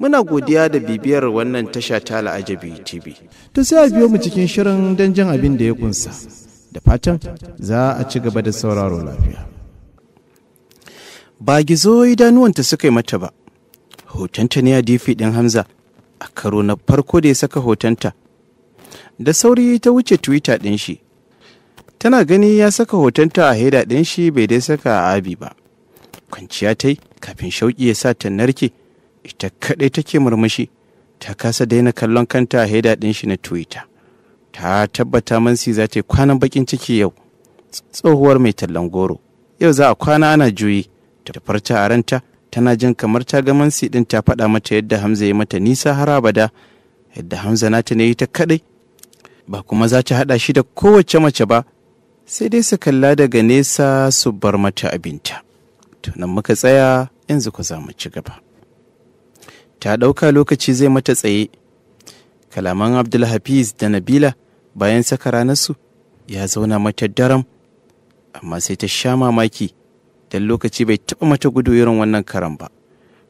muna godiya da bibiyar wannan tasha ta la'ajabi tv ta sai a biyo mu cikin shirin don jin abin da ya kunsa da fatan za a ci gaba da sauraro lafiya ba gizo idanuwanta suka yi mata ba hotonta ne a difi din hamza a karo na farko da ya saka hotonta da sauri ta wuce twitter ɗin shi tana gani ya saka hotonta a haida ɗin shi bai dai saka a abi ba kwanciya ta yi kafin shauki ya sa ta narke ita kaɗai take murmushi ta kasa daina kallon kanta a haida ɗin shi na twitter ta tabbata mansi za ta yi kwanan bakin ciki yau tsohuwar mai tallan goro yau za a kwana ana juyi ta farta a ranta tana jin kamar ta ga mansi ɗin ta faɗa mata yadda hamza ya mata nisa har abada yadda hamza na ta ne ta kaɗai ba kuma za ta haɗa shi da kowace mace ba sai dai su kalla daga nesa su bar mata abinta tunan muka tsaya yanzu ku za mu ci gaba ta ɗauka lokaci zai mata tsaye kalaman abdulhafiz da nabila bayan saka ranarsu ya zauna mata daram amma sai ta sha mamaki don lokaci bai taɓa mata gudu irin wannan karan ba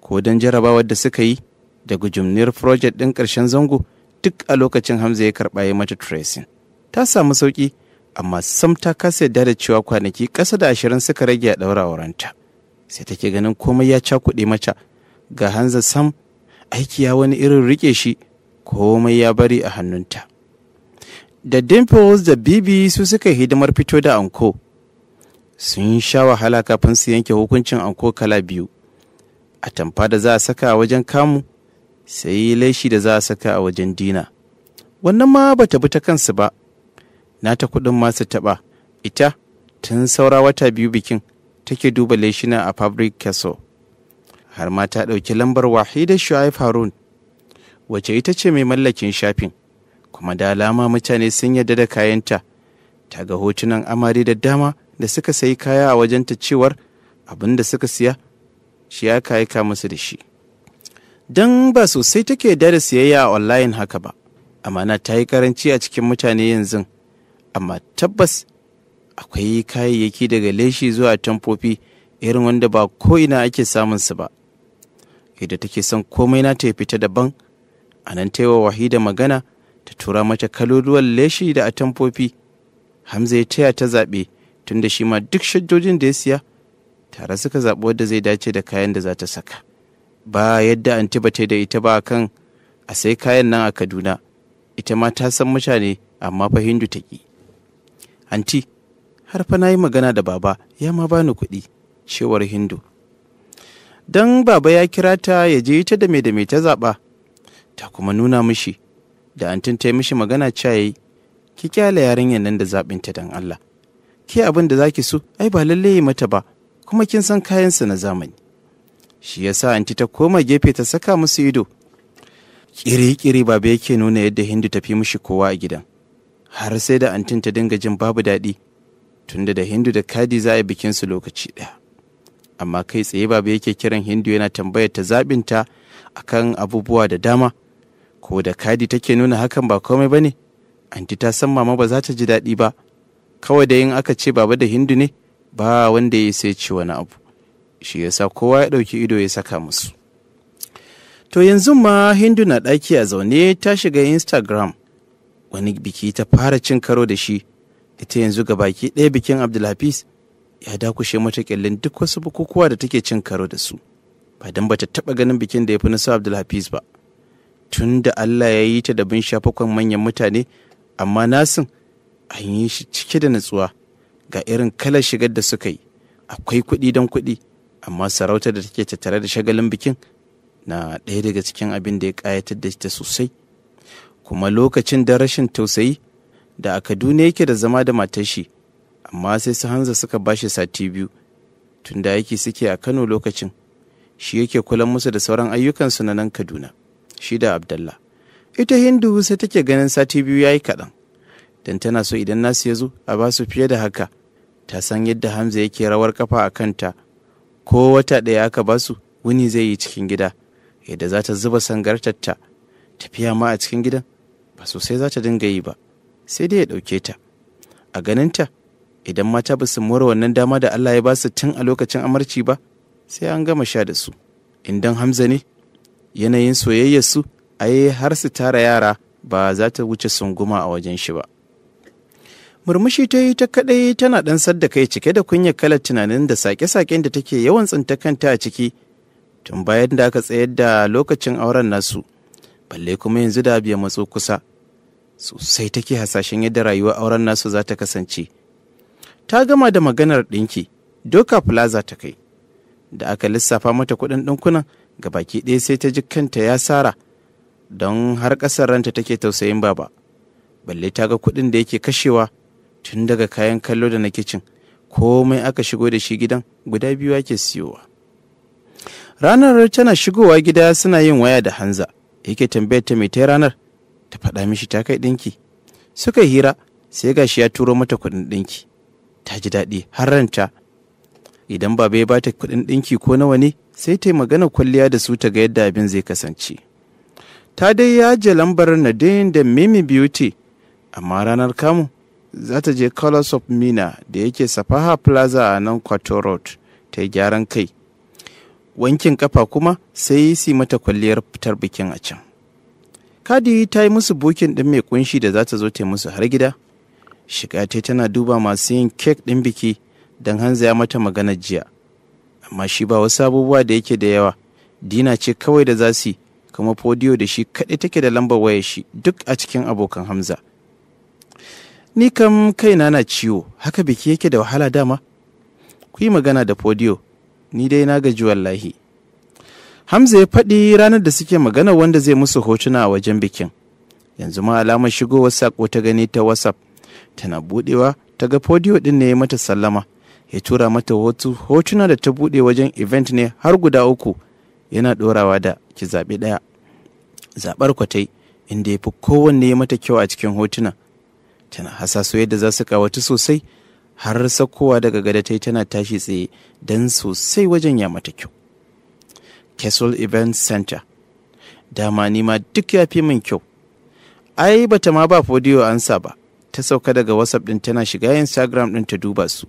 ko don jarabawar da suka yi da gujumniyar project ɗin ƙarshen zango duk a lokacin hamza ya karɓa ya mata tracing ta samu sauƙi amma sam ta kasa yadda da cewa kwanaki ƙasa da ashirin suka rage a ɗaura aurenta sai take ganin komai ya cakuɗe mata ga hanza sam aiki ya wani irin rike shi komai ya bari a hannunta da dimples da bibi su suka hidimar fito da anko sun sha wahala kafin su yanke hukuncin anko kala biyu a tamfa da za a saka a wajen kamu sai laishi da za a saka a wajen dina wannan ma bata bi ta kansu ba Na ta kuɗin masu taɓa ita tun saura wata biyu bikin take duba laishina a fabric castle har ma ta ɗauki lambar wahida shu'aib harun wacce ita ce mai mallakin shafin kuma da alama mutane sun yarda da kayanta ta ga hotunan amari da dama da suka sayi kaya a wajen ta cewar abin da suka siya shi ya ka musu da shi don ba sosai take da da siyayya a online haka ba amana ta yi karanci a cikin mutane yanzu amma tabbas akwai kayayyaki daga leshi zuwa tamfofi irin wanda ba ko ina ake samun su ba yadda take son komai na ta fita daban a nan ta yi wahida magana ta tura mata kaloluwan leshi da atamfofi hamza ya taya ta zaɓe tun da shi ma duk shajjojin da ya siya tare suka zaɓi wadda zai dace da kayan da za ta saka ba yadda an ba da ita ba kan a sai kayan nan a kaduna ita ma ta san mutane amma fa hindu ta ki anti har fa na yi magana da baba ya ma bani kuɗi cewar hindu don baba ya kira ta ya je ta da me da me ta zaɓa ta kuma nuna mishi da antin ta yi mishi magana cewa yayi ki kyale yarinyar nan da zaɓin ta dan Allah ke abin da zaki so ai ba lalle yi mata ba kuma kin san kayansa na zamani shi yasa anti ta koma gefe ta saka musu ido kiri-kiri baba yake nuna yadda hindu tafi mishi kowa a gidan har sai da antin ta dinga jin babu daɗi tunda da hindu da kadi za a bikin su lokaci ɗaya amma kai tsaye baba yake kiran hindu yana tambayar ta zaɓinta akan abubuwa da dama ko da kadi take nuna hakan ba komai ba ne anti ta san mama ba za ta ji daɗi ba kawai da yin aka ce baba da hindu ne ba wanda ya sai ci wani abu shi yasa kowa ya ɗauki ido ya saka musu to yanzu ma hindu na ɗaki a zaune ta shiga instagram wani biki ta fara cin karo da shi ita yanzu ga baki ɗaya bikin abdulhafiz ya dakushe mata kyallin duk wasu bukukuwa da take cin karo da su ba don bata taba ganin bikin da ya fi nasu abdulhafiz ba tun da allah ya yi ta da bin shafakon manyan mutane amma nasin an yi shi cike da natsuwa ga irin kalar shigar da suka yi akwai kuɗi don kuɗi amma sarautar da take tattare da shagalin bikin na ɗaya daga cikin abin da ya ƙayatar da ta sosai kuma lokacin da rashin tausayi da a kaduna yake da zama da matar shi amma sai su hanza suka bashi sati biyu tun da yake suke a kano lokacin shi yake kulan musu da sauran ayyukansu na nan kaduna shi da abdallah ita hindu sai take ganin sati biyu ya yi kaɗan don tana so idan nasu ya zo a ba su fiye da haka ta san yadda hamza yake rawar kafa a kanta ko wata ɗaya aka ba su wuni zai yi cikin gida yadda za ta zuba sangartarta tafiya ma a cikin gidan ba sosai za ta dinga yi ba sai dai ya ɗauke ta a ganinta idan mata ba su more wannan dama da Allah ya ba su tun a lokacin amarci ba sai an gama sha da su idan hamza ne yanayin soyayyar su ayi har su tara yara ba za ta wuce sunguma a wajen shi ba murmushi ta yi ta kadai tana dan sadda kai cike da kunyar kalar tunanin da sake-saken da take yawan tsinta kanta a ciki tun bayan da aka tsayar da lokacin auren nasu balle kuma yanzu da biya matso kusa sosai take hasashen yadda rayuwar auren nasu za ta kasance ta gama da maganar ɗinki doka plaza ta kai da aka lissafa mata kuɗin ɗinkunan ga baki ɗaya sai ta ji kanta ya sara don har ƙasar ranta take tausayin baba balle ta ga kuɗin da yake kashewa tun daga kayan kallo da na kicin komai aka shigo da shi gidan guda biyu ake siyowa ranar tana shigowa gida suna yin waya da hanza yake tambayar ta mai ta ranar ta faɗa mishi ta kai ɗinki suka hira sai gashi ya turo mata kuɗin ɗinki ta ji daɗi har ranta idan baba ya bata kuɗin ɗinki ko nawa ne sai ta yi magana kwalliya da su ta ga yadda abin zai kasance ta dai ya je lambar nadine da mimi beauty amma ranar kamu za ta je colors of mina da yake safaha plaza a nan kwato road ta yi gyaran kai wankin kafa kuma sai si mata kwalliyar fitar bikin a can kadi ta yi musu bukin ɗin mai kunshi da za ta zo ta musu har gida shiga ta tana duba masu yin kek ɗin biki don hanza ya mata magana jiya amma shi ba wasu abubuwa da yake da yawa dina ce kawai da za su kuma fodiyo da shi kaɗai take da lambar wayar shi duk a cikin abokan hamza ni kam kaina na ciwo haka biki yake da wahala dama ku yi magana da fodiyo ni dai na gaji wallahi hamza ya faɗi ranar da suke magana wanda zai musu hotuna a wajen bikin yanzu ma alamar shigowar sako ta gani ta whatsapp tana budewa ta ga podiyo din ne ya mata sallama ya tura mata wasu hotuna da ta bude wajen event ne har guda uku yana dorawa da ki ɗaya zaɓar kwatai inda ya fi kowanne ya mata kyau a cikin hotuna tana hasaso yadda za su kawatu sosai har sakowa daga gada ta tana tashi tsaye don sosai wajen ya mata kyau Castle Event Center. Dama nima duk ya fi min kyau. Ai bata ma ba fodiyo ansa ba, ta sauka daga whatsapp ɗin tana shiga instagram ɗin ta duba su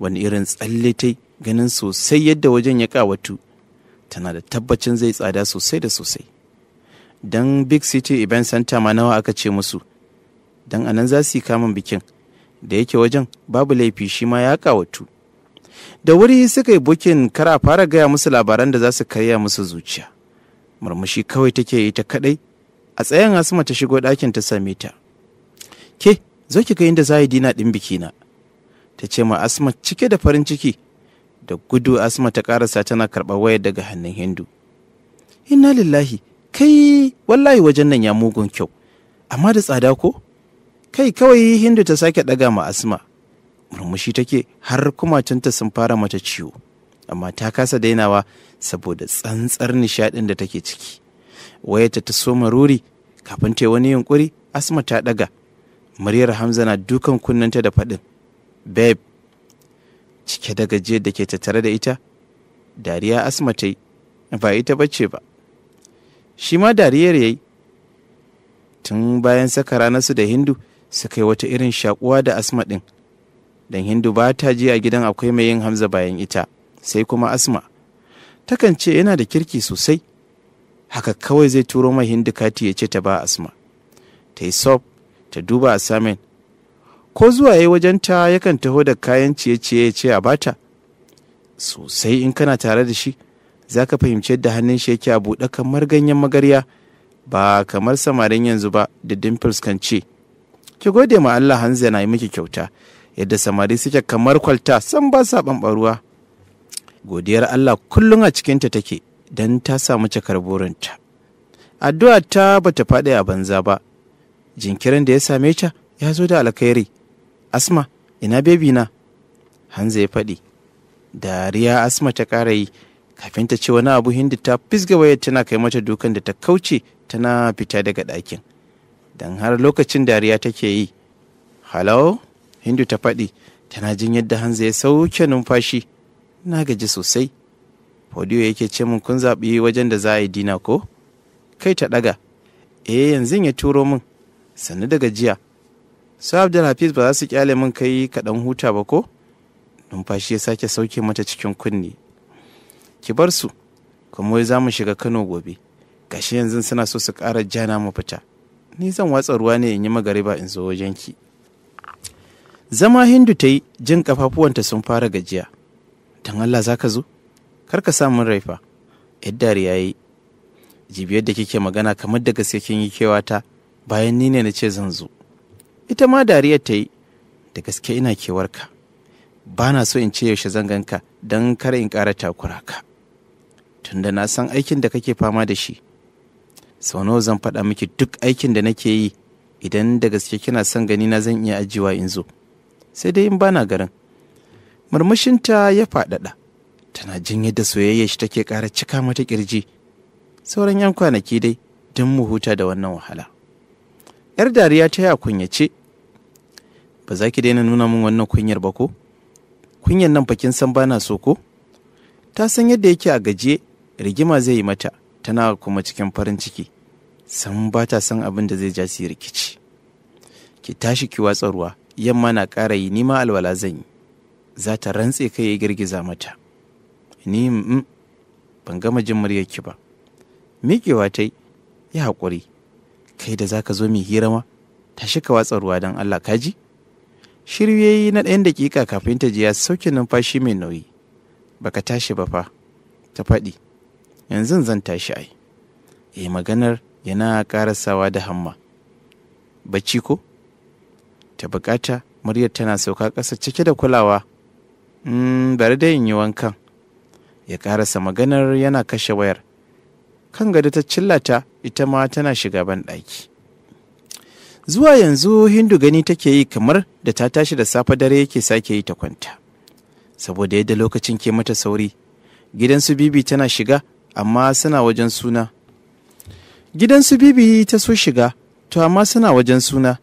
wani irin tsalle ta ganin sosai yadda wajen ya kawatu tana da tabbacin zai tsada sosai da sosai don big city event center ma nawa aka ce musu don anan za su yi kamun bikin da yake wajen babu laifi shi ma ya kawatu da wuri suka yi bukin kara fara gaya musu labaran da za su karya musu zuciya murmushi kawai take yi ta kadai a tsayin Asuma ta shigo ɗakin ta same ta ke zo ki ga inda zai dina dina ɗin bikina ta ce ma asma cike da farin ciki da gudu asma ta karasa tana karɓar wayar daga hannun hindu inna lillahi kai wallahi wajen nan ya mugun kyau amma da tsada ko kai kawai hindu ta sake ɗaga ma asma murmushi take har kumatunta sun fara mata ciwo amma ta kasa dainawa saboda tsantsar nishaɗin da take ciki wayarta ta soma ruri kafin ta wani yunkuri asma ta ɗaga muryar hamza na dukan kunnanta da faɗin babe cike da gajiyar da ke tattare da ita dariya asma ba ita bace ba shi ma dariyar ya yi tun bayan saka ranarsu da hindu suka yi wata irin shakuwa da asma ɗin don hindu ba ta ji a gidan akwai mai yin hamza bayan ita sai kuma asma takan ce yana da kirki sosai haka kawai zai turo mai hindu kati ya ce ta ba asma ta yi sob ta duba samin. ko zuwa yayi wajenta yakan taho da kayan ciye-ciye ce a bata sosai in kana tare da shi za ka fahimci yadda hannun shi yake a buɗe kamar ganyen magarya ba kamar samarin yanzu ba da dimples kan ce ki gode ma Allah hanzu yana yi miki kyauta yadda samari suke kamar kwalta san ba sa ɓanɓaruwa godiyar Allah kullum a cikinta take don ta samu cakar burinta addu'a ta bata faɗi a banza ba jinkirin da ya same ta ya zo da alkhairi asma ina bebi na hanza ya faɗi dariya asma ta ƙara yi kafin ta ce wani abu hindu ta fisga wayar tana kai mata dukan da ta kauce tana fita daga ɗakin don har lokacin dariya take yi halau hindu ta faɗi tana jin yadda hanza ya sauke numfashi na gaji sosai fodiyo yake ce min kun zaɓi wajen da za a yi dina ko kai ta ɗaga eh yanzu ya turo min sannu da gajiya su abdulhafiz ba za su kyale min kai kaɗan huta ba ko numfashi ya sake sauke mata cikin kunni ki bar su kuma za mu shiga kano gobe gashi yanzu suna so su ƙara jana mu fita ni zan watsa ruwa ne in yi magariba in zo wajen ki zama hindu ta yi jin kafafuwanta sun fara gajiya don allah za ka zo kar ka sa min raifa yadda ya yi jibiyar da kike magana kamar da gaske kin yi kewata bayan ni ne na ce zan zo ita ma dariya ta yi da gaske ina kewarka ba na so in ce yaushe zan ganka don kar in ƙara takura ka tunda na san aikin da kake fama da shi sau nawa zan faɗa miki duk aikin da nake yi idan da gaske kina son gani na zan iya ajiyewa in zo sai dai in ba na garin murmushinta ya faɗaɗa tana jin yadda soyayya shi take ƙara cika mata ƙirji sauran 'yan kwanaki dai don mu huta da wannan wahala yar dariya ta ya kunyace ba za ki daina nuna min wannan kunyar ba ko kunyar nan bakin san bana so ko ta san yadda yake a gajiye rigima zai yi mata tana kuma cikin farin ciki san ba ta san abin da zai ja su rikici ki tashi ki watsa ruwa yamma na ƙara yi nima alwala zan yi za ta rantse kai ya girgiza mata ni mm, ban gama jin ki ba miƙewa ta yi haƙuri kai da zaka zo mai hira ma tashi ka watsa ruwa don Allah kaji shiru yayi na ɗayan daƙiƙa kafin ta je ya sauke numfashi mai nauyi baka tashi ba fa ta faɗi yanzu zan tashi ai eh maganar yana ƙarasawa da hamma bacci ko ta bukata muryar tana sauka ƙasa cike da kulawa mm, bari da yin yi wankan ya ƙarasa maganar yana kashe wayar kan gado ta cillata ita ma tana shiga banɗaki. Zuwa yanzu Hindu gani take yi kamar da ta tashi da safe dare yake sake yi ta kwanta. Saboda yadda lokacin ke mata sauri, gidan su bibi tana shiga amma suna wajen suna. Gidan su bibi ta so shiga, to amma suna wajen suna.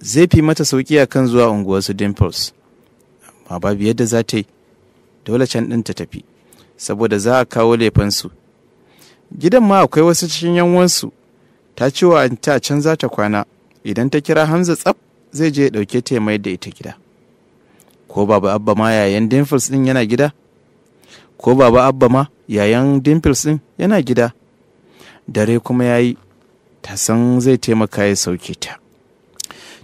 Zai fi mata sauki a kan zuwa unguwarsu Dimples. Amma babu yadda za ta yi, dole can ɗin ta tafi, saboda za a kawo laifansu. gidan ma akwai wasu cikin yanwansu ta ce wa ta can za ta kwana idan ta kira hamza tsaf zai je ya ɗauke ta mai da ita gida ko baba abba ma yayan dimples din yana gida ko baba abba ma yayan dimples din yana gida dare kuma ya yi ta san zai taimaka ya sauke ta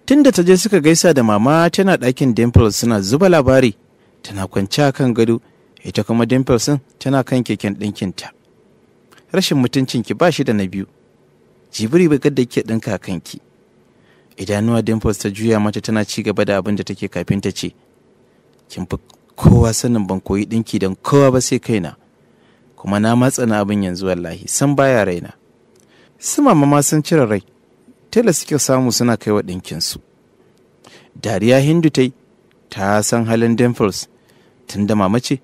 tunda ta je suka gaisa da mama tana ɗakin dimples suna zuba labari tana kwanciya kan gado ita kuma dimples tana kan keken ɗinkinta rashin mutuncinki ba shi da na biyu jibiri bai da ke ɗinka kanki idanuwa dimples ta juya mata tana ci gaba da abin da take kafin ta ce kin fi kowa sanin ban koyi ɗinki don kowa ba sai kai na. kuma na matsa na abin yanzu wallahi san baya raina su mama ma sun cire rai tela suke samu suna kai wa ɗinkinsu dariya hindu yi ta san halin dimples tun da mama ce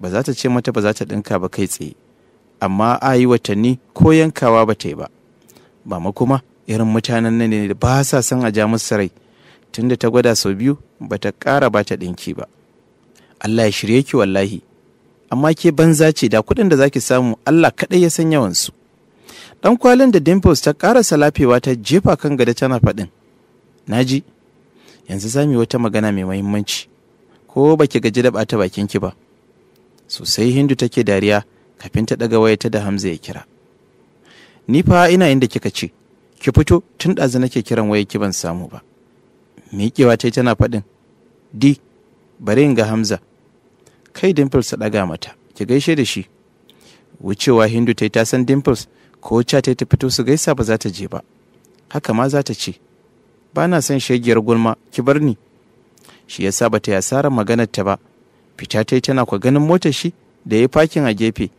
ba za ta ce mata ba za ta ɗinka ba kai tsaye amma a yi watanni ko yankawa ba ta yi ba ba ma kuma irin mutanen nan ne da ba sa son a ja musu rai tunda ta gwada sau biyu ba ta ƙara ba ta ɗinki ba Allah ya shirye ki wallahi amma ke banza ce da kuɗin da zaki samu Allah kaɗai ya san yawansu ɗan kwalin da dimples ta ƙara salafewa ta jefa kan gada tana faɗin naji yanzu za mu yi wata magana mai muhimmanci, ko baki gaji da ɓata ki ba sosai hindu take dariya kafin ta ɗaga ta da Hamza ya kira. Ni fa ina inda kika ce, ki fito tun ɗazu nake kiran waya ki ban samu ba. Miƙewa ta yi tana faɗin, di, bari in ga Hamza. Kai Dimples ta ɗaga mata, ki gaishe da shi. Wucewa Hindu ta yi ta san Dimples ko ca ta ta fito su gaisa ba za ta je ba. Haka ma za ta ce, ba na son shagiyar gulma, ki bar ni. Shi ya sa ba ta yasarar maganar ta ba, fita ta yi tana kwa ganin motar shi da ya yi fakin a gefe.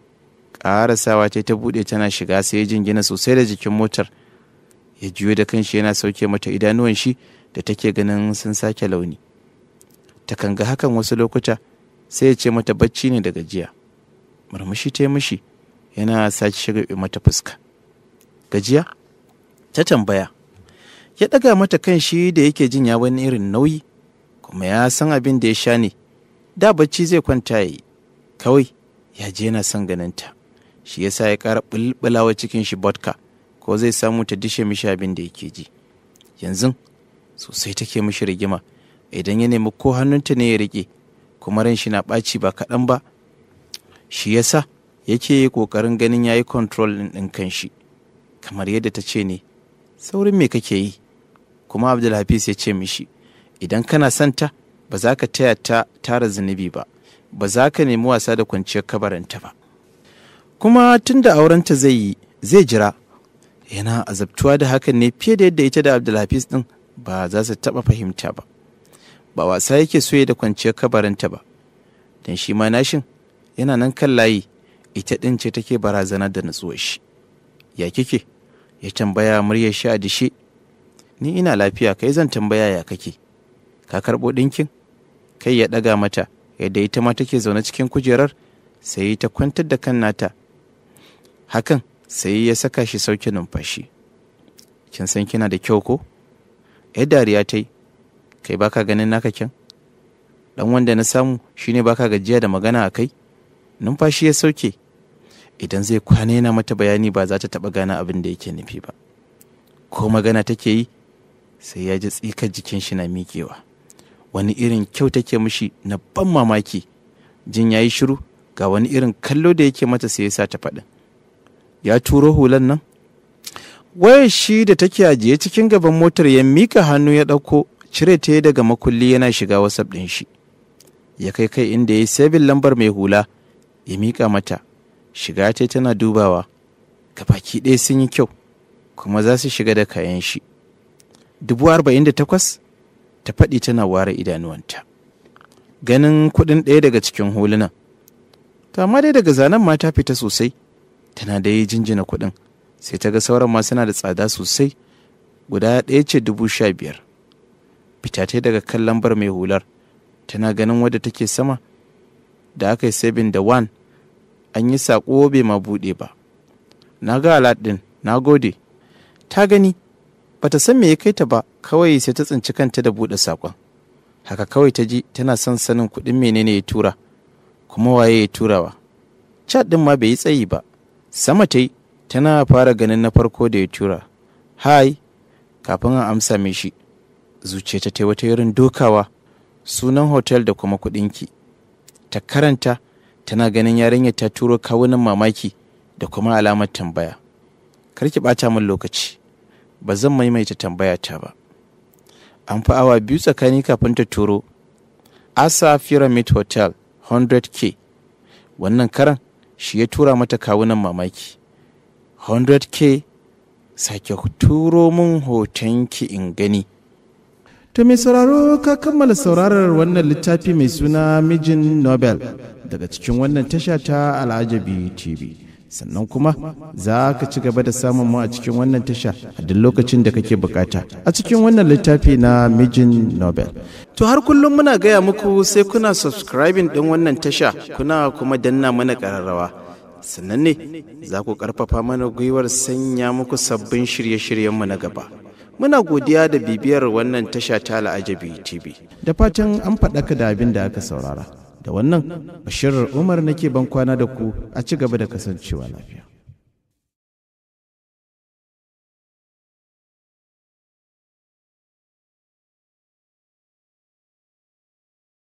ƙarasawa ta ta buɗe tana shiga sai ya jingina sosai da jikin motar ya juyo da kanshi yana sauke mata idanuwan shi da take ganin sun sake launi ta kanga hakan wasu lokuta sai ya ce mata bacci ne da gajiya murmushi ta yi mishi yana sake shiga mata fuska gajiya ta tambaya ya ɗaga mata kan shi da yake jin ya wani irin nauyi kuma ya san abin da ya sha ne da bacci zai kwanta ya yi kawai ya je yana son ganinta shi ya sa ya ƙara bulbulawa cikin shi vodka ko zai samu ta dishe mishi abin da yake ji yanzu sosai take mishi rigima idan ya nemi ko hannunta ne ya riƙe kuma ran shi na ɓaci ba kaɗan ba shi ya yasa yake yi ƙoƙarin ganin ya yi control ɗin kan shi kamar yadda ta ce ne saurin me kake yi kuma abdulhafiz ya ce mishi idan kana santa ba za ka taya ta tara zunubi ba ba za ka nemi wasa da kwanciyar kabarinta ba kuma tun da aurenta zai yi zai jira yana azabtuwa da hakan ne fiye da yadda ita da abdulhafiz din ba za su taɓa fahimta ba ba wasa yake so ya da kwanciyar kabarinta ba don shi ma nashin yana nan kan layi ita ɗin ce take barazana da natsuwar shi ya kike ya tambaya muryar shi a dishe ni ina lafiya kai zan tambaya ya kake ka karɓo ɗinkin kai ya ɗaga mata yadda ita ma take zaune cikin kujerar sai ta kwantar da kan nata hakan sai ya saka shi sauke numfashi kin san kina da kyau ko yar dariya ta yi kai baka ganin naka kyan dan wanda na samu shine baka gajiya da magana a kai numfashi ya sauke idan zai kwana yana mata bayani ba za ta taɓa gana abin da yake nufi ba ko magana take yi sai ya ji tsikar jikin shi na miƙewa wani irin kyau take mishi na ban mamaki jin ya yi shiru ga wani irin kallo da yake mata sai ya sa ta faɗin ya turo hulan nan wayar shi da take ajiye cikin gaban motar ya mika hannu ya ɗauko cire ta daga makulli yana shiga wasap ɗin shi ya kai kai inda ya yi sabin lambar mai hula ya mika mata shiga ta tana dubawa gabaki ɗaya sun yi kyau kuma za su shiga da kayan shi dubu arba'in da takwas ta faɗi tana ware idanuwanta ganin kuɗin ɗaya daga cikin hulunan kama dai daga zanen mata fita sosai tana da yi jinjina kuɗin sai ta ga sauran ma suna da tsada sosai guda ɗaya ce dubu sha biyar Fitatai daga kan lambar mai hular tana ganin wadda take sama da aka yi sabin da wan an yi saƙo bai ma buɗe ba na ga alat ɗin na gode ta gani bata san me ya kai ta ba kawai sai ta tsinci kanta da buɗe saƙon haka kawai ta ji tana son sanin kuɗin menene ya tura kuma waye ya turawa chat ɗin ma bai yi tsayi ba Sama ta tana fara ganin na farko da ya tura. Hai, kafin an amsa mishi, zuciya ta ta wata irin dokawa, sunan hotel da kuma kuɗinki. Ta karanta, tana ganin yarinyar ta turo kawunan mamaki da kuma alamar tambaya. Kar ki ɓata min lokaci, ba zan maimaita tambaya ta ba. An fi awa biyu tsakani kafin ta turo. Asa Pyramid Hotel 100K. Wannan karan shi ya tura mata kawunan mamaki 100k sake turo mun hoton ki in gani To mai sauraro ka kammala saurarar wannan littafi mai suna mijin Nobel daga cikin wannan tasha ta Al'ajabi TV. sannan kuma za ka ci gaba da samun mu a cikin wannan tasha a duk lokacin da kake bukata a cikin wannan littafi na mijin nobel to har kullum muna gaya muku sai kuna subscribing din wannan tasha kuna kuma danna mana kararrawa sannan ne za ku karfafa mana gwiwar sanya muku sabbin shirye-shiryenmu na gaba muna godiya da bibiyar wannan tasha ta la'ajabi tv da fatan an faɗaka da abin da aka saurara da wannan bashirar umar nake ban kwana da ku a ci gaba da kasancewa lafiya